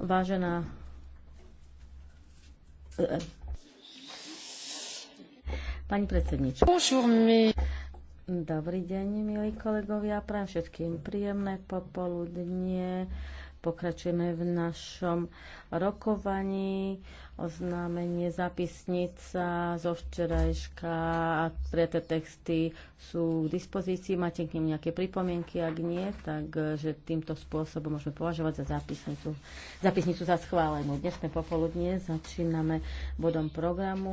Vážená e, e. Pani predsedníčka Dobrý deň, milí kolegovia, prajem všetkým príjemné popoludnie. Pokračujeme v našom rokovaní. Oznámenie zapisnica zo včerajška a preté texty sú k dispozícii. Máte k nim nejaké pripomienky? Ak nie, takže týmto spôsobom môžeme považovať za zapisnicu, zapisnicu za schválenú. Dnešné popoludne začíname bodom programu.